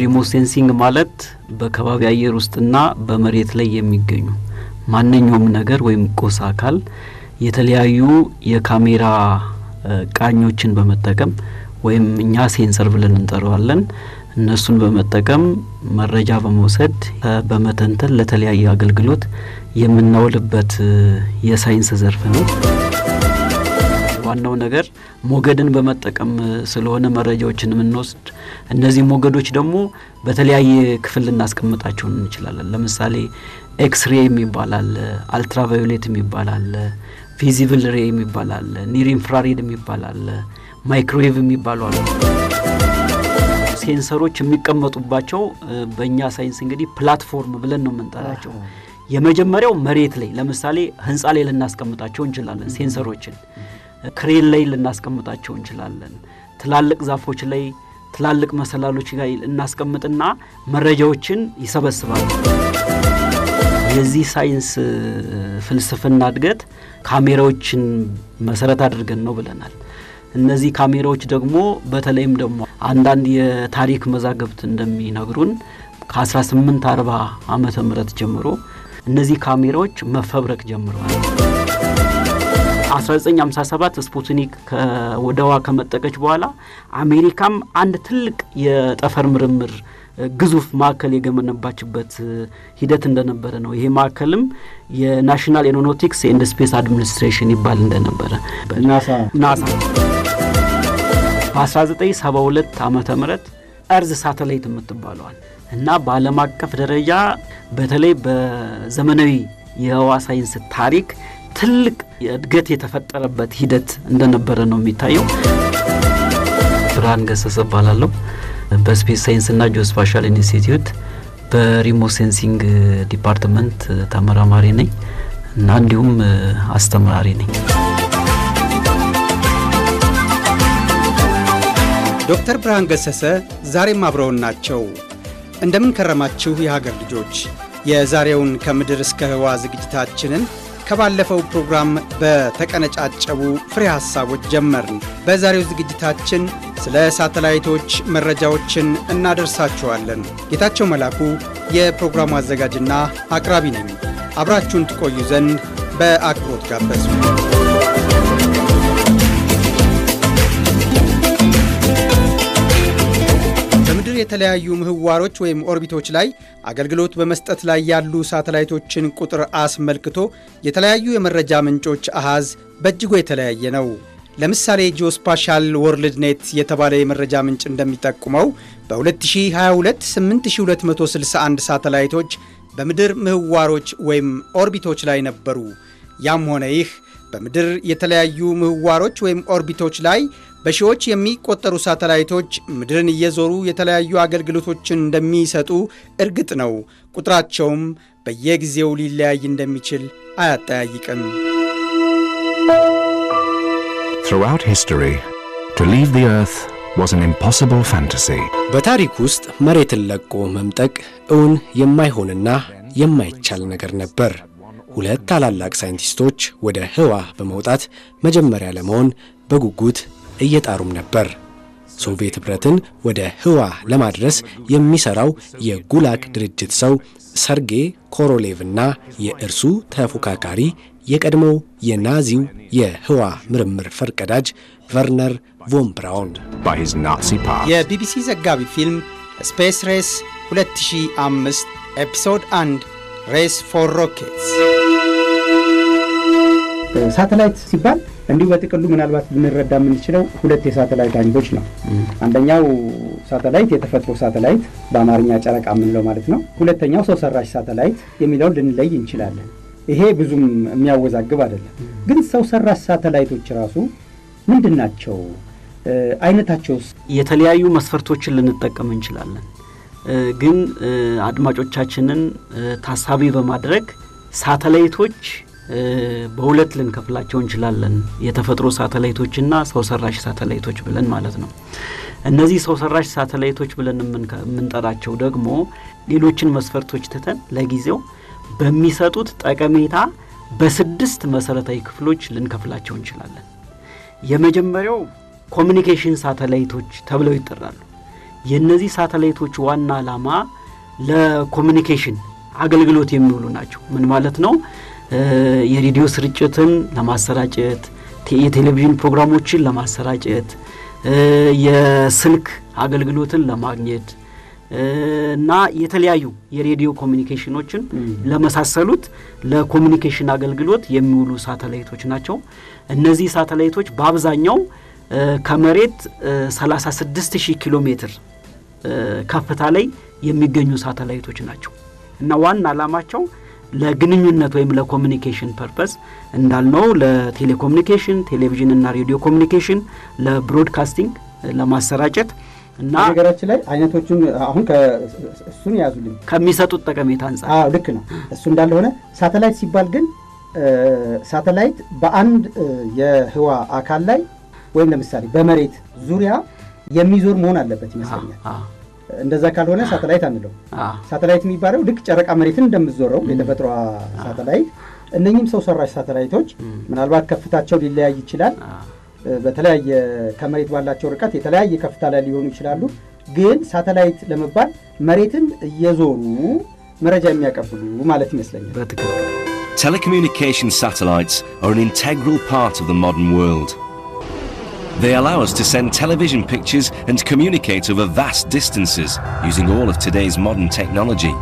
ሪሞት ሴንሲንግ ማለት በከባቢ አየር ውስጥና በመሬት ላይ የሚገኙ ማንኛውም ነገር ወይም ቁስ አካል የተለያዩ የካሜራ ቃኞችን በመጠቀም ወይም እኛ ሴንሰር ብለን እንጠራዋለን እነሱን በመጠቀም መረጃ በመውሰድ በመተንተን ለተለያየ አገልግሎት የምናውልበት የሳይንስ ዘርፍ ነው። ዋናው ነገር ሞገድን በመጠቀም ስለሆነ መረጃዎችን የምንወስድ። እነዚህ ሞገዶች ደግሞ በተለያየ ክፍል ልናስቀምጣቸው እንችላለን። ለምሳሌ ኤክስሬ የሚባላል፣ አልትራቫዮሌት የሚባላል፣ ቪዚብል ሬ የሚባላል፣ አለ፣ ኒር ኢንፍራሬድ የሚባል ማይክሮዌቭ የሚባሉ አሉ። ሴንሰሮች የሚቀመጡባቸው በእኛ ሳይንስ እንግዲህ ፕላትፎርም ብለን ነው የምንጠራቸው። የመጀመሪያው መሬት ላይ ለምሳሌ ህንፃ ላይ ልናስቀምጣቸው እንችላለን ሴንሰሮችን ክሬን ላይ ልናስቀምጣቸው እንችላለን። ትላልቅ ዛፎች ላይ ትላልቅ መሰላሎች ላይ እናስቀምጥና መረጃዎችን ይሰበስባል። የዚህ ሳይንስ ፍልስፍና እድገት ካሜራዎችን መሰረት አድርገን ነው ብለናል። እነዚህ ካሜራዎች ደግሞ በተለይም ደግሞ አንዳንድ የታሪክ መዛግብት እንደሚነግሩን ከ1840 ዓመተ ምህረት ጀምሮ እነዚህ ካሜራዎች መፈብረቅ ጀምረዋል። 1957 ስፑትኒክ ወደ ከመጠቀች በኋላ አሜሪካም አንድ ትልቅ የጠፈር ምርምር ግዙፍ ማዕከል የገመነባችበት ሂደት እንደነበረ ነው። ይሄ ማዕከልም የናሽናል ኤሮኖቲክስ ኤንድ ስፔስ አድሚኒስትሬሽን ይባል እንደነበረ ናሳ በ1972 ዓ ምህረት እርዝ ሳተላይት የምትባለዋል እና በአለም አቀፍ ደረጃ በተለይ በዘመናዊ የህዋ ሳይንስ ታሪክ ትልቅ እድገት የተፈጠረበት ሂደት እንደነበረ ነው የሚታየው። ብርሃን ገሰሰ እባላለሁ። በስፔስ ሳይንስና ጂኦስፓሻል ኢንስቲትዩት በሪሞት ሴንሲንግ ዲፓርትመንት ተመራማሪ ነኝ እና እንዲሁም አስተማሪ ነኝ። ዶክተር ብርሃን ገሰሰ ዛሬም አብረውን ናቸው። እንደምን ከረማችሁ የሀገር ልጆች? የዛሬውን ከምድር እስከ ህዋ ዝግጅታችንን ከባለፈው ፕሮግራም በተቀነጫጨቡ ፍሬ ሐሳቦች ጀመርን። በዛሬው ዝግጅታችን ስለ ሳተላይቶች መረጃዎችን እናደርሳችኋለን። ጌታቸው መላኩ የፕሮግራሙ አዘጋጅና አቅራቢ ነኝ። አብራችሁን ትቆዩ ዘንድ በአክብሮት ጋበዙ። የተለያዩ ምህዋሮች ወይም ኦርቢቶች ላይ አገልግሎት በመስጠት ላይ ያሉ ሳተላይቶችን ቁጥር አስመልክቶ የተለያዩ የመረጃ ምንጮች አሃዝ በእጅጉ የተለያየ ነው። ለምሳሌ ጂኦስፓሻል ወርልድ ኔት የተባለ የመረጃ ምንጭ እንደሚጠቁመው በ2022 8261 ሳተላይቶች በምድር ምህዋሮች ወይም ኦርቢቶች ላይ ነበሩ። ያም ሆነ ይህ በምድር የተለያዩ ምህዋሮች ወይም ኦርቢቶች ላይ በሺዎች የሚቆጠሩ ሳተላይቶች ምድርን እየዞሩ የተለያዩ አገልግሎቶችን እንደሚሰጡ እርግጥ ነው። ቁጥራቸውም በየጊዜው ሊለያይ እንደሚችል አያጠያይቅም። Throughout history, to leave the earth was an impossible fantasy. በታሪክ ውስጥ መሬትን ለቆ መምጠቅ እውን የማይሆንና የማይቻል ነገር ነበር። ሁለት ታላላቅ ሳይንቲስቶች ወደ ህዋ በመውጣት መጀመሪያ ለመሆን በጉጉት እየጣሩም ነበር። ሶቪየት ኅብረትን ወደ ህዋ ለማድረስ የሚሠራው የጉላክ ድርጅት ሰው ሰርጌ ኮሮሌቭና የእርሱ ተፎካካሪ የቀድሞው የናዚው የህዋ ምርምር ፈርቀዳጅ ቨርነር ቮን ብራውን የቢቢሲ ዘጋቢ ፊልም ስፔስ ሬስ 2005 ኤፒሶድ 1 ሬስ ፎር ሮኬትስ ሳተላይት ሲባል እንዲሁ በጥቅሉ ምናልባት ልንረዳ የምንችለው ሁለት የሳተላይት አይነቶች ነው። አንደኛው ሳተላይት የተፈጥሮ ሳተላይት በአማርኛ ጨረቃ የምንለው ማለት ነው። ሁለተኛው ሰው ሰራሽ ሳተላይት የሚለውን ልንለይ እንችላለን። ይሄ ብዙም የሚያወዛግብ አይደለም። ግን ሰው ሰራሽ ሳተላይቶች ራሱ ምንድን ናቸው? አይነታቸውስ? የተለያዩ መስፈርቶችን ልንጠቀም እንችላለን። ግን አድማጮቻችንን ታሳቢ በማድረግ ሳተላይቶች በሁለት ልንከፍላቸው እንችላለን። የተፈጥሮ ሳተላይቶችና ሰው ሰራሽ ሳተላይቶች ብለን ማለት ነው። እነዚህ ሰው ሰራሽ ሳተላይቶች ብለን የምንጠራቸው ደግሞ ሌሎችን መስፈርቶች ትተን ለጊዜው በሚሰጡት ጠቀሜታ በስድስት መሰረታዊ ክፍሎች ልንከፍላቸው እንችላለን። የመጀመሪያው ኮሚኒኬሽን ሳተላይቶች ተብለው ይጠራሉ። የእነዚህ ሳተላይቶች ዋና ዓላማ ለኮሚኒኬሽን አገልግሎት የሚውሉ ናቸው። ምን ማለት ነው? የሬዲዮ ስርጭትን ለማሰራጨት የቴሌቪዥን ፕሮግራሞችን ለማሰራጨት የስልክ አገልግሎትን ለማግኘት እና የተለያዩ የሬዲዮ ኮሚኒኬሽኖችን ለመሳሰሉት ለኮሚኒኬሽን አገልግሎት የሚውሉ ሳተላይቶች ናቸው። እነዚህ ሳተላይቶች በአብዛኛው ከመሬት 36 ኪሎ ሜትር ከፍታ ላይ የሚገኙ ሳተላይቶች ናቸው እና ዋና ዓላማቸው ለግንኙነት ወይም ለኮሚኒኬሽን ፐርፐስ እንዳልነው ለቴሌኮሚኒኬሽን ቴሌቪዥን እና ሬዲዮ ኮሚኒኬሽን ለብሮድካስቲንግ ለማሰራጨት እና ነገራችን ላይ አይነቶቹን አሁን እሱን ያዙልኝ ከሚሰጡት ጠቀሜታ አንጻ ልክ ነው። እሱ እንዳለ ሆነ ሳተላይት ሲባል ግን ሳተላይት በአንድ የህዋ አካል ላይ ወይም ለምሳሌ በመሬት ዙሪያ የሚዞር መሆን አለበት ይመስለኛል። እንደዛ ካልሆነ ሳተላይት አንለው። ሳተላይት የሚባለው ልክ ጨረቃ መሬትን እንደምትዞረው የተፈጥሯ ሳተላይት፣ እነኚህም ሰው ሰራሽ ሳተላይቶች ምናልባት ከፍታቸው ሊለያይ ይችላል። በተለያየ ከመሬት ባላቸው ርቀት የተለያየ ከፍታ ላይ ሊሆኑ ይችላሉ። ግን ሳተላይት ለመባል መሬትን እየዞሩ መረጃ የሚያቀብሉ ማለት ይመስለኛል። Telecommunication satellites are an integral part of the modern world. They allow us to send television pictures and communicate over vast distances using all of today's modern technology.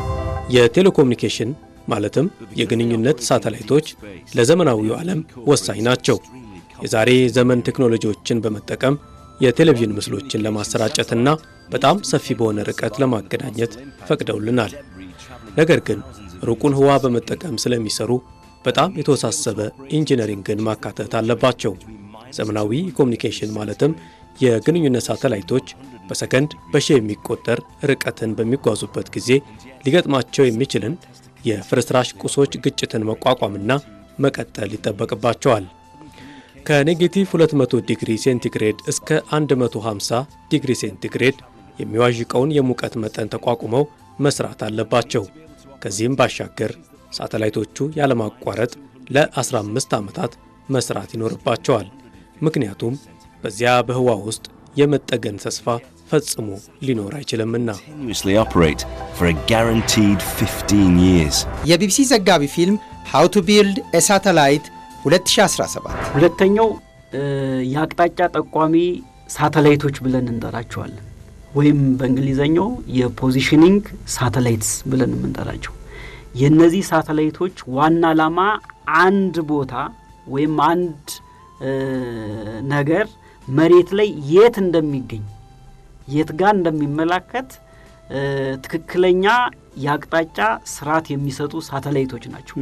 የቴሌኮሙኒኬሽን ማለትም የግንኙነት ሳተላይቶች ለዘመናዊው ዓለም ወሳኝ ናቸው። የዛሬ ዘመን ቴክኖሎጂዎችን በመጠቀም የቴሌቪዥን ምስሎችን ለማሰራጨትና በጣም ሰፊ በሆነ ርቀት ለማገናኘት ፈቅደውልናል። ነገር ግን ሩቁን ህዋ በመጠቀም ስለሚሰሩ በጣም የተወሳሰበ ኢንጂነሪንግን ማካተት አለባቸው። ዘመናዊ ኮሚኒኬሽን ማለትም የግንኙነት ሳተላይቶች በሰከንድ በሺ የሚቆጠር ርቀትን በሚጓዙበት ጊዜ ሊገጥማቸው የሚችልን የፍርስራሽ ቁሶች ግጭትን መቋቋምና መቀጠል ይጠበቅባቸዋል። ከኔጌቲቭ 200 ዲግሪ ሴንቲግሬድ እስከ 150 ዲግሪ ሴንቲግሬድ የሚዋዥቀውን የሙቀት መጠን ተቋቁመው መስራት አለባቸው። ከዚህም ባሻገር ሳተላይቶቹ ያለማቋረጥ ለ15 ዓመታት መስራት ይኖርባቸዋል። ምክንያቱም በዚያ በህዋ ውስጥ የመጠገን ተስፋ ፈጽሞ ሊኖር አይችልምና። የቢቢሲ ዘጋቢ ፊልም ሃው ቱ ቢልድ ኤ ሳተላይት 2017። ሁለተኛው የአቅጣጫ ጠቋሚ ሳተላይቶች ብለን እንጠራቸዋለን ወይም በእንግሊዘኛው የፖዚሽኒንግ ሳተላይትስ ብለን የምንጠራቸው የእነዚህ ሳተላይቶች ዋና ዓላማ አንድ ቦታ ወይም አንድ ነገር መሬት ላይ የት እንደሚገኝ የት ጋር እንደሚመላከት ትክክለኛ የአቅጣጫ ስርዓት የሚሰጡ ሳተላይቶች ናቸው።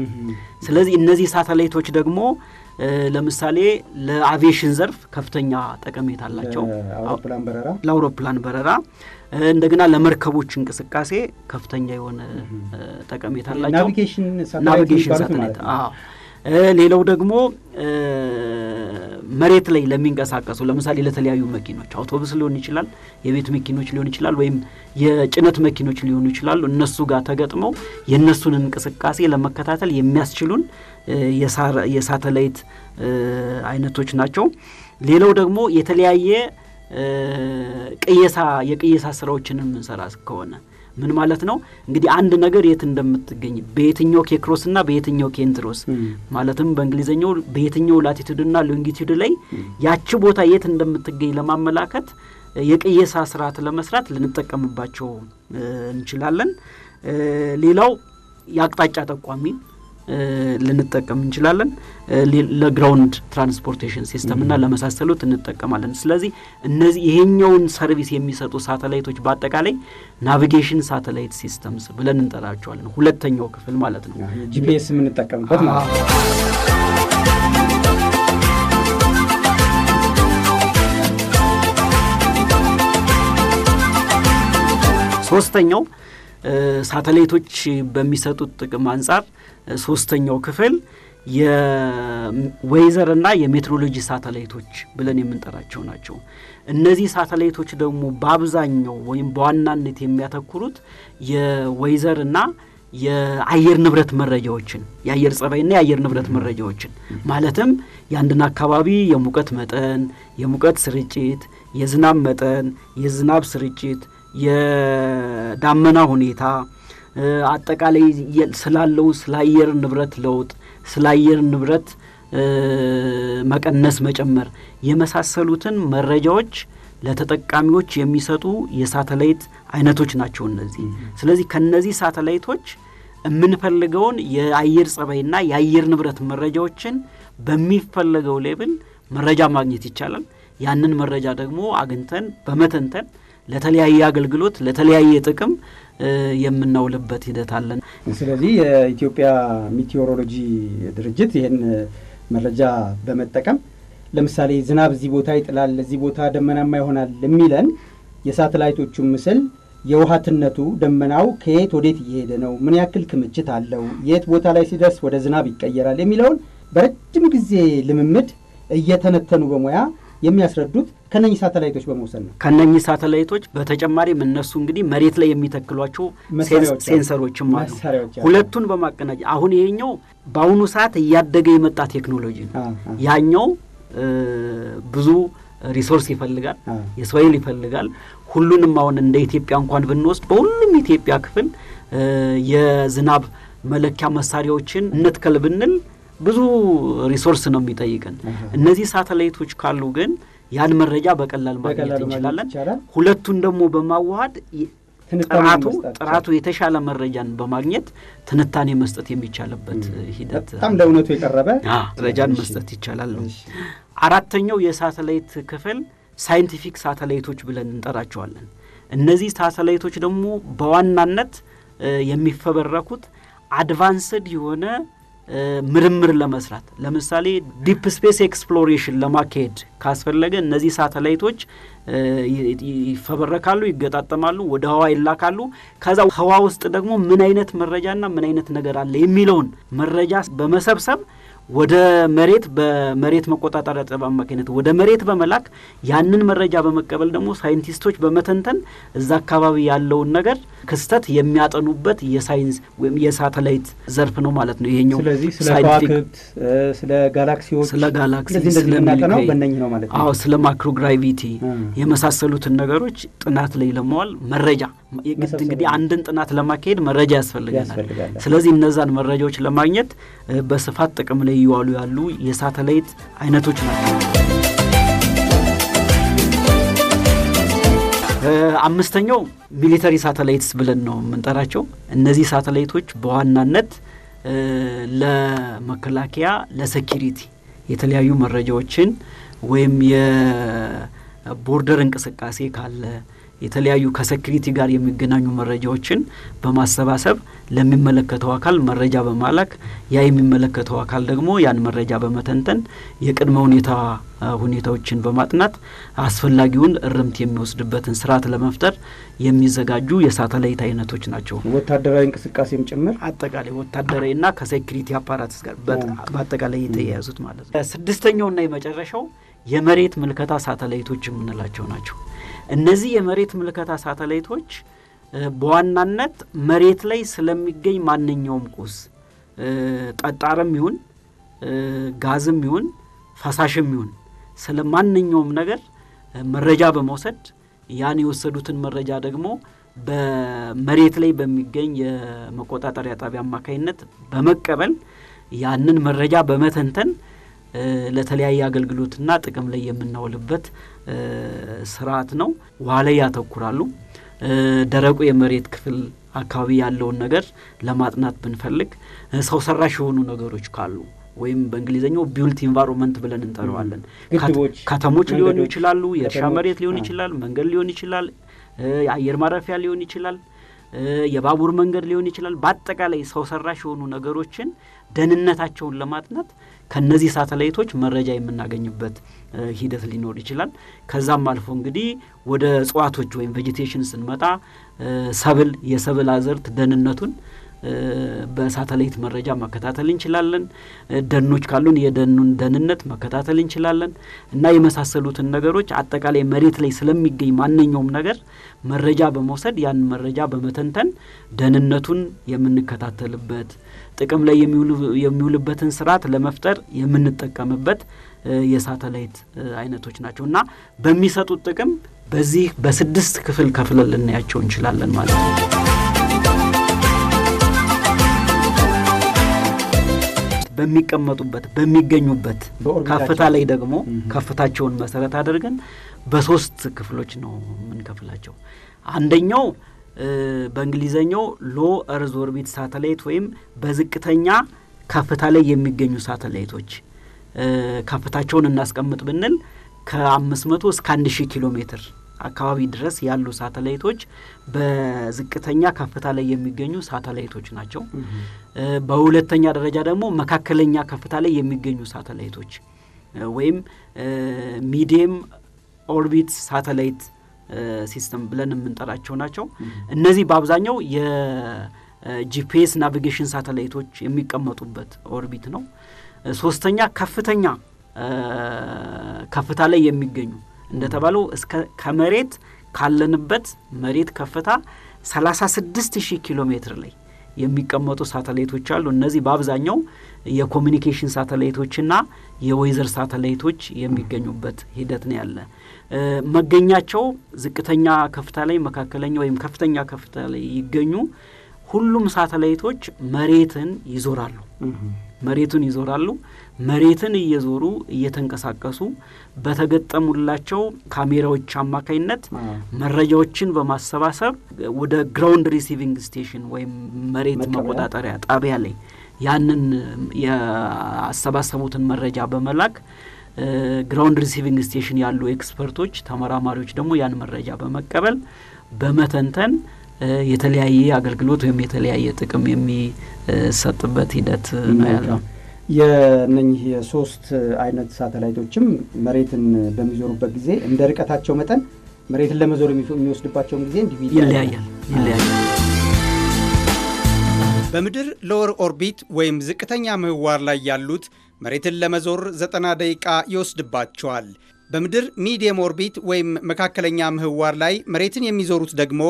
ስለዚህ እነዚህ ሳተላይቶች ደግሞ ለምሳሌ ለአቪዬሽን ዘርፍ ከፍተኛ ጠቀሜታ አላቸው። ለአውሮፕላን በረራ እንደገና ለመርከቦች እንቅስቃሴ ከፍተኛ የሆነ ጠቀሜታ አላቸው። ናቪጌሽን ሳተላይት። ሌላው ደግሞ መሬት ላይ ለሚንቀሳቀሱ ለምሳሌ ለተለያዩ መኪኖች አውቶቡስ ሊሆን ይችላል፣ የቤት መኪኖች ሊሆን ይችላል፣ ወይም የጭነት መኪኖች ሊሆኑ ይችላሉ። እነሱ ጋር ተገጥመው የእነሱን እንቅስቃሴ ለመከታተል የሚያስችሉን የሳተላይት አይነቶች ናቸው። ሌላው ደግሞ የተለያየ ቅየሳ የቅየሳ ስራዎችንም እንሰራ ከሆነ ምን ማለት ነው እንግዲህ አንድ ነገር የት እንደምትገኝ በየትኛው ኬክሮስ ና በየትኛው ኬንትሮስ ማለትም በእንግሊዝኛው በየትኛው ላቲቱድና ሎንጊቱድ ላይ ያቺ ቦታ የት እንደምትገኝ ለማመላከት የቅየሳ ስርዓት ለመስራት ልንጠቀምባቸው እንችላለን። ሌላው የአቅጣጫ ጠቋሚ ልንጠቀም እንችላለን። ለግራውንድ ትራንስፖርቴሽን ሲስተም እና ለመሳሰሉት እንጠቀማለን። ስለዚህ እነዚህ ይሄኛውን ሰርቪስ የሚሰጡ ሳተላይቶች በአጠቃላይ ናቪጌሽን ሳተላይት ሲስተምስ ብለን እንጠራቸዋለን። ሁለተኛው ክፍል ማለት ነው፣ ጂፒኤስ የምንጠቀምበት ማለት ነው። ሶስተኛው ሳተላይቶች በሚሰጡት ጥቅም አንጻር ሶስተኛው ክፍል የወይዘር ና የሜትሮሎጂ ሳተላይቶች ብለን የምንጠራቸው ናቸው። እነዚህ ሳተላይቶች ደግሞ በአብዛኛው ወይም በዋናነት የሚያተኩሩት የወይዘርና የአየር ንብረት መረጃዎችን የአየር ጸባይና የአየር ንብረት መረጃዎችን ማለትም የአንድን አካባቢ የሙቀት መጠን፣ የሙቀት ስርጭት፣ የዝናብ መጠን፣ የዝናብ ስርጭት፣ የዳመና ሁኔታ አጠቃላይ ስላለው ስለ አየር ንብረት ለውጥ፣ ስለ አየር ንብረት መቀነስ መጨመር የመሳሰሉትን መረጃዎች ለተጠቃሚዎች የሚሰጡ የሳተላይት አይነቶች ናቸው እነዚህ። ስለዚህ ከነዚህ ሳተላይቶች የምንፈልገውን የአየር ጸባይና የአየር ንብረት መረጃዎችን በሚፈለገው ሌብል መረጃ ማግኘት ይቻላል። ያንን መረጃ ደግሞ አግኝተን በመተንተን ለተለያየ አገልግሎት ለተለያየ ጥቅም የምናውልበት ሂደት አለን። ስለዚህ የኢትዮጵያ ሚቴዎሮሎጂ ድርጅት ይህን መረጃ በመጠቀም ለምሳሌ ዝናብ እዚህ ቦታ ይጥላል፣ እዚህ ቦታ ደመናማ ይሆናል የሚለን የሳተላይቶቹን ምስል የውሃትነቱ ደመናው ከየት ወዴት እየሄደ ነው፣ ምን ያክል ክምችት አለው፣ የት ቦታ ላይ ሲደርስ ወደ ዝናብ ይቀየራል የሚለውን በረጅም ጊዜ ልምምድ እየተነተኑ በሙያ የሚያስረዱት ከነኚህ ሳተላይቶች በመውሰድ ነው። ከነኚህ ሳተላይቶች በተጨማሪም እነሱ እንግዲህ መሬት ላይ የሚተክሏቸው ሴንሰሮችም አሉ። ሁለቱን በማቀናጀ አሁን ይሄኛው በአሁኑ ሰዓት እያደገ የመጣ ቴክኖሎጂ ነው። ያኛው ብዙ ሪሶርስ ይፈልጋል፣ የሰይል ይፈልጋል። ሁሉንም አሁን እንደ ኢትዮጵያ እንኳን ብንወስድ በሁሉም ኢትዮጵያ ክፍል የዝናብ መለኪያ መሳሪያዎችን እንትከል ብንል ብዙ ሪሶርስ ነው የሚጠይቅን። እነዚህ ሳተላይቶች ካሉ ግን ያን መረጃ በቀላል ማግኘት እንችላለን። ሁለቱን ደግሞ በማዋሃድ ጥራቱ ጥራቱ የተሻለ መረጃን በማግኘት ትንታኔ መስጠት የሚቻልበት ሂደት በጣም ለእውነቱ የቀረበ መረጃን መስጠት ይቻላል ነው። አራተኛው የሳተላይት ክፍል ሳይንቲፊክ ሳተላይቶች ብለን እንጠራቸዋለን። እነዚህ ሳተላይቶች ደግሞ በዋናነት የሚፈበረኩት አድቫንስድ የሆነ ምርምር ለመስራት ለምሳሌ ዲፕ ስፔስ ኤክስፕሎሬሽን ለማካሄድ ካስፈለገ እነዚህ ሳተላይቶች ይፈበረካሉ፣ ይገጣጠማሉ፣ ወደ ህዋ ይላካሉ። ከዛ ህዋ ውስጥ ደግሞ ምን አይነት መረጃና ምን አይነት ነገር አለ የሚለውን መረጃ በመሰብሰብ ወደ መሬት በመሬት መቆጣጠሪያ ጠብ አማካኝነት ወደ መሬት በመላክ ያንን መረጃ በመቀበል ደግሞ ሳይንቲስቶች በመተንተን እዛ አካባቢ ያለውን ነገር ክስተት የሚያጠኑበት የሳይንስ ወይም የሳተላይት ዘርፍ ነው ማለት ነው ይሄኛው። ስለዚህ ስለ ጋላክሲዎች፣ ስለ ጋላክሲ ነው ማለት ነው። ስለ ማክሮግራቪቲ የመሳሰሉትን ነገሮች ጥናት ላይ ለመዋል መረጃ የግድ እንግዲህ አንድን ጥናት ለማካሄድ መረጃ ያስፈልገናል። ስለዚህ እነዛን መረጃዎች ለማግኘት በስፋት ጥቅም ላይ እየዋሉ ያሉ የሳተላይት አይነቶች ናቸው። አምስተኛው ሚሊተሪ ሳተላይትስ ብለን ነው የምንጠራቸው። እነዚህ ሳተላይቶች በዋናነት ለመከላከያ ለሴኪሪቲ የተለያዩ መረጃዎችን ወይም የቦርደር እንቅስቃሴ ካለ የተለያዩ ከሴኩሪቲ ጋር የሚገናኙ መረጃዎችን በማሰባሰብ ለሚመለከተው አካል መረጃ በማላክ ያ የሚመለከተው አካል ደግሞ ያን መረጃ በመተንተን የቅድመ ሁኔታ ሁኔታዎችን በማጥናት አስፈላጊውን እርምት የሚወስድበትን ስርዓት ለመፍጠር የሚዘጋጁ የሳተላይት አይነቶች ናቸው። ወታደራዊ እንቅስቃሴም ጭምር አጠቃላይ ወታደራዊና ከሴኩሪቲ አፓራትስ ጋር በአጠቃላይ የተያያዙት ማለት ነው። ስድስተኛውና የመጨረሻው የመሬት ምልከታ ሳተላይቶች የምንላቸው ናቸው። እነዚህ የመሬት ምልከታ ሳተላይቶች በዋናነት መሬት ላይ ስለሚገኝ ማንኛውም ቁስ ጠጣርም ይሁን ጋዝም ይሁን ፈሳሽም ይሁን ስለ ማንኛውም ነገር መረጃ በመውሰድ ያን የወሰዱትን መረጃ ደግሞ በመሬት ላይ በሚገኝ የመቆጣጠሪያ ጣቢያ አማካኝነት በመቀበል ያንን መረጃ በመተንተን ለተለያየ አገልግሎትና ጥቅም ላይ የምናውልበት ስርዓት ነው። ውሃ ላይ ያተኩራሉ። ደረቁ የመሬት ክፍል አካባቢ ያለውን ነገር ለማጥናት ብንፈልግ ሰው ሰራሽ የሆኑ ነገሮች ካሉ ወይም በእንግሊዝኛው ቢውልት ኢንቫይሮንመንት ብለን እንጠራዋለን። ከተሞች ሊሆኑ ይችላሉ፣ የእርሻ መሬት ሊሆን ይችላል፣ መንገድ ሊሆን ይችላል፣ የአየር ማረፊያ ሊሆን ይችላል፣ የባቡር መንገድ ሊሆን ይችላል። በአጠቃላይ ሰው ሰራሽ የሆኑ ነገሮችን ደህንነታቸውን ለማጥናት ከነዚህ ሳተላይቶች መረጃ የምናገኝበት ሂደት ሊኖር ይችላል። ከዛም አልፎ እንግዲህ ወደ እጽዋቶች ወይም ቬጂቴሽን ስንመጣ ሰብል የሰብል አዝርት ደህንነቱን በሳተላይት መረጃ መከታተል እንችላለን። ደኖች ካሉን የደኑን ደህንነት መከታተል እንችላለን እና የመሳሰሉትን ነገሮች አጠቃላይ መሬት ላይ ስለሚገኝ ማንኛውም ነገር መረጃ በመውሰድ ያን መረጃ በመተንተን ደህንነቱን የምንከታተልበት ጥቅም ላይ የሚውልበትን ስርዓት ለመፍጠር የምንጠቀምበት የሳተላይት አይነቶች ናቸው እና በሚሰጡት ጥቅም በዚህ በስድስት ክፍል ከፍለን ልናያቸው እንችላለን ማለት ነው። በሚቀመጡበት በሚገኙበት ከፍታ ላይ ደግሞ ከፍታቸውን መሰረት አድርገን በሶስት ክፍሎች ነው የምንከፍላቸው። አንደኛው በእንግሊዘኛው ሎ እርዝ ኦርቢት ሳተላይት ወይም በዝቅተኛ ከፍታ ላይ የሚገኙ ሳተላይቶች ከፍታቸውን እናስቀምጥ ብንል ከአምስት መቶ እስከ አንድ ሺህ ኪሎ ሜትር አካባቢ ድረስ ያሉ ሳተላይቶች በዝቅተኛ ከፍታ ላይ የሚገኙ ሳተላይቶች ናቸው። በሁለተኛ ደረጃ ደግሞ መካከለኛ ከፍታ ላይ የሚገኙ ሳተላይቶች ወይም ሚዲየም ኦርቢት ሳተላይት ሲስተም ብለን የምንጠራቸው ናቸው። እነዚህ በአብዛኛው የጂፒኤስ ናቪጌሽን ሳተላይቶች የሚቀመጡበት ኦርቢት ነው። ሶስተኛ ከፍተኛ ከፍታ ላይ የሚገኙ እንደተባለው እስከ ከመሬት ካለንበት መሬት ከፍታ 36000 ኪሎ ሜትር ላይ የሚቀመጡ ሳተላይቶች አሉ። እነዚህ በአብዛኛው የኮሚኒኬሽን ሳተላይቶችና የወይዘር ሳተላይቶች የሚገኙበት ሂደት ነው ያለ። መገኛቸው ዝቅተኛ ከፍታ ላይ፣ መካከለኛ ወይም ከፍተኛ ከፍታ ላይ ይገኙ። ሁሉም ሳተላይቶች መሬትን ይዞራሉ። መሬትን ይዞራሉ። መሬትን እየዞሩ እየተንቀሳቀሱ በተገጠሙላቸው ካሜራዎች አማካኝነት መረጃዎችን በማሰባሰብ ወደ ግራውንድ ሪሲቪንግ ስቴሽን ወይም መሬት መቆጣጠሪያ ጣቢያ ላይ ያንን ያሰባሰቡትን መረጃ በመላክ ግራውንድ ሪሲቪንግ ስቴሽን ያሉ ኤክስፐርቶች፣ ተመራማሪዎች ደግሞ ያን መረጃ በመቀበል በመተንተን የተለያየ አገልግሎት ወይም የተለያየ ጥቅም የሚሰጥበት ሂደት ነው ያለው። የእነኚህ የሶስት አይነት ሳተላይቶችም መሬትን በሚዞሩበት ጊዜ እንደ ርቀታቸው መጠን መሬትን ለመዞር የሚወስድባቸውን ጊዜ እንዲሁ ይለያያል ይለያያል። በምድር ሎወር ኦርቢት ወይም ዝቅተኛ ምህዋር ላይ ያሉት መሬትን ለመዞር ዘጠና ደቂቃ ይወስድባቸዋል። በምድር ሚዲየም ኦርቢት ወይም መካከለኛ ምህዋር ላይ መሬትን የሚዞሩት ደግሞ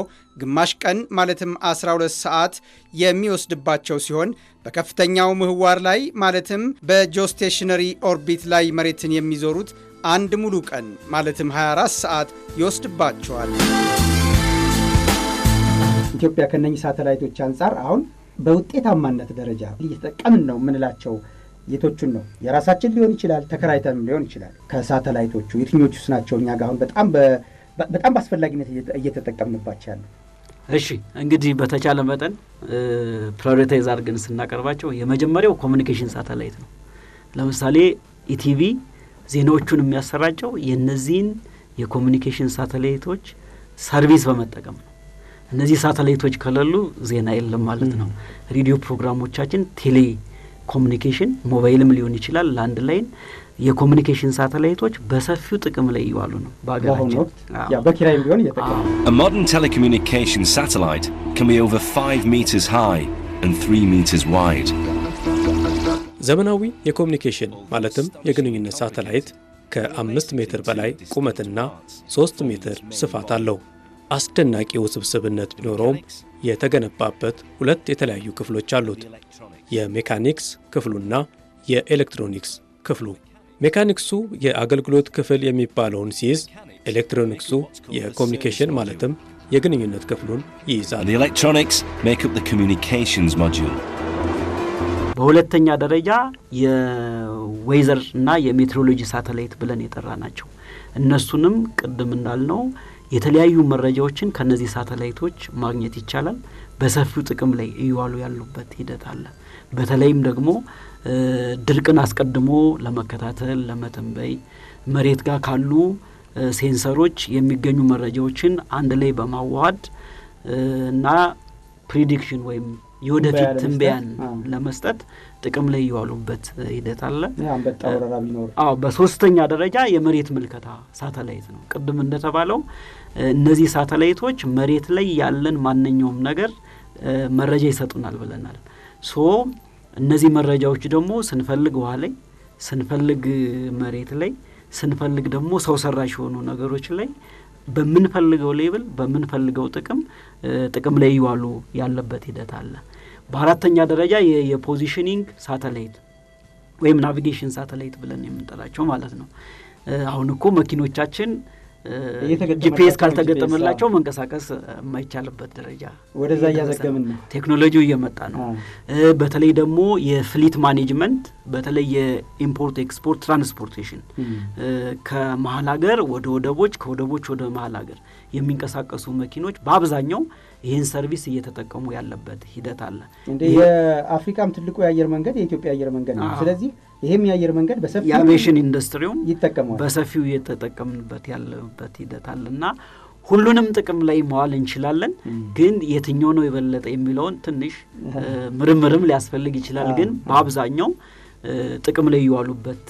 ግማሽ ቀን ማለትም 12 ሰዓት የሚወስድባቸው ሲሆን በከፍተኛው ምህዋር ላይ ማለትም በጂኦስቴሽነሪ ኦርቢት ላይ መሬትን የሚዞሩት አንድ ሙሉ ቀን ማለትም 24 ሰዓት ይወስድባቸዋል። ኢትዮጵያ ከነኚህ ሳተላይቶች አንጻር አሁን በውጤታማነት ደረጃ እየተጠቀምን ነው የምንላቸው የቶቹን ነው የራሳችን ሊሆን ይችላል፣ ተከራይተንም ሊሆን ይችላል። ከሳተላይቶቹ የትኞቹስ ናቸው እኛ ጋር አሁን በጣም በጣም በአስፈላጊነት እየተጠቀምንባቸው ያሉ? እሺ እንግዲህ በተቻለ መጠን ፕራዮሪታይዝ አድርገን ስናቀርባቸው የመጀመሪያው ኮሚኒኬሽን ሳተላይት ነው። ለምሳሌ ኢቲቪ ዜናዎቹን የሚያሰራጨው የእነዚህን የኮሚኒኬሽን ሳተላይቶች ሰርቪስ በመጠቀም ነው። እነዚህ ሳተላይቶች ከሌሉ ዜና የለም ማለት ነው። ሬዲዮ ፕሮግራሞቻችን ቴሌ ኮሚኒኬሽን ሞባይልም ሊሆን ይችላል ላንድ ላይን የኮሚኒኬሽን ሳተላይቶች በሰፊው ጥቅም ላይ እየዋሉ ነው በሀገራችን በኪራይም ሞደርን ሳተላይት ከን ኦቨር 5 ሜትርስ ሃይ 3 ዘመናዊ የኮሚኒኬሽን ማለትም የግንኙነት ሳተላይት ከአምስት ሜትር በላይ ቁመትና ሶስት ሜትር ስፋት አለው። አስደናቂ ውስብስብነት ቢኖረውም የተገነባበት ሁለት የተለያዩ ክፍሎች አሉት። የሜካኒክስ ክፍሉና የኤሌክትሮኒክስ ክፍሉ። ሜካኒክሱ የአገልግሎት ክፍል የሚባለውን ሲይዝ፣ ኤሌክትሮኒክሱ የኮሚኒኬሽን ማለትም የግንኙነት ክፍሉን ይይዛል። በሁለተኛ ደረጃ የዌዘር እና የሜትሮሎጂ ሳተላይት ብለን የጠራ ናቸው። እነሱንም ቅድም እንዳልነው የተለያዩ መረጃዎችን ከነዚህ ሳተላይቶች ማግኘት ይቻላል። በሰፊው ጥቅም ላይ እየዋሉ ያሉበት ሂደት አለ። በተለይም ደግሞ ድርቅን አስቀድሞ ለመከታተል ለመተንበይ መሬት ጋር ካሉ ሴንሰሮች የሚገኙ መረጃዎችን አንድ ላይ በማዋሃድ እና ፕሪዲክሽን ወይም የወደፊት ትንበያን ለመስጠት ጥቅም ላይ የዋሉበት ሂደት አለ። አዎ፣ በሶስተኛ ደረጃ የመሬት ምልከታ ሳተላይት ነው። ቅድም እንደተባለው እነዚህ ሳተላይቶች መሬት ላይ ያለን ማንኛውም ነገር መረጃ ይሰጡናል ብለናል። ሶ እነዚህ መረጃዎች ደግሞ ስንፈልግ ውሃ ላይ ስንፈልግ መሬት ላይ ስንፈልግ ደግሞ ሰው ሰራሽ የሆኑ ነገሮች ላይ በምንፈልገው ሌብል በምንፈልገው ጥቅም ጥቅም ላይ ይዋሉ ያለበት ሂደት አለ። በአራተኛ ደረጃ የፖዚሽኒንግ ሳተላይት ወይም ናቪጌሽን ሳተላይት ብለን የምንጠራቸው ማለት ነው። አሁን እኮ መኪኖቻችን ጂፒኤስ ካልተገጠመላቸው መንቀሳቀስ የማይቻልበት ደረጃ ወደዛ እያዘገምን ነው። ቴክኖሎጂው እየመጣ ነው። በተለይ ደግሞ የፍሊት ማኔጅመንት በተለይ የኢምፖርት ኤክስፖርት ትራንስፖርቴሽን ከመሀል ሀገር ወደ ወደቦች፣ ከወደቦች ወደ መሀል ሀገር የሚንቀሳቀሱ መኪኖች በአብዛኛው ይህን ሰርቪስ እየተጠቀሙ ያለበት ሂደት አለ። እንደ የአፍሪካም ትልቁ የአየር መንገድ የኢትዮጵያ አየር መንገድ ነው። ስለዚህ ይህም የአየር መንገድ በሰፊ የአቪዬሽን ኢንዱስትሪውም ይጠቀመዋል፣ በሰፊው እየተጠቀምንበት ያለበት ሂደት አለ እና ሁሉንም ጥቅም ላይ መዋል እንችላለን። ግን የትኛው ነው የበለጠ የሚለውን ትንሽ ምርምርም ሊያስፈልግ ይችላል። ግን በአብዛኛው ጥቅም ላይ እየዋሉበት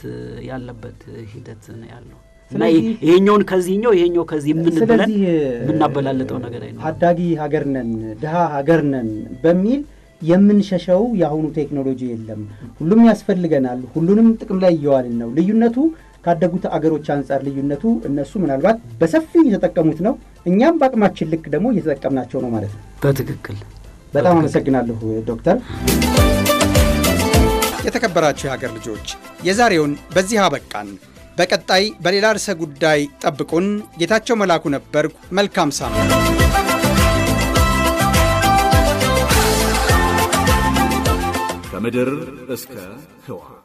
ያለበት ሂደት ነው ያለው። እና ይሄኛውን ከዚህኛው ይሄኛው ከዚህ የምንብለን የምናበላለጠው ነገር አይነ ታዳጊ ሀገር ነን፣ ድሃ ሀገር ነን በሚል የምንሸሸው የአሁኑ ቴክኖሎጂ የለም። ሁሉም ያስፈልገናል። ሁሉንም ጥቅም ላይ እየዋልን ነው። ልዩነቱ ካደጉት አገሮች አንጻር ልዩነቱ እነሱ ምናልባት በሰፊው እየተጠቀሙት ነው፣ እኛም በአቅማችን ልክ ደግሞ እየተጠቀምናቸው ነው ማለት ነው። በትክክል በጣም አመሰግናለሁ ዶክተር። የተከበራቸው የሀገር ልጆች የዛሬውን በዚህ አበቃን። በቀጣይ በሌላ ርዕሰ ጉዳይ ጠብቁን። ጌታቸው መላኩ ነበርኩ። መልካም ሳምንት። ከምድር እስከ ህዋ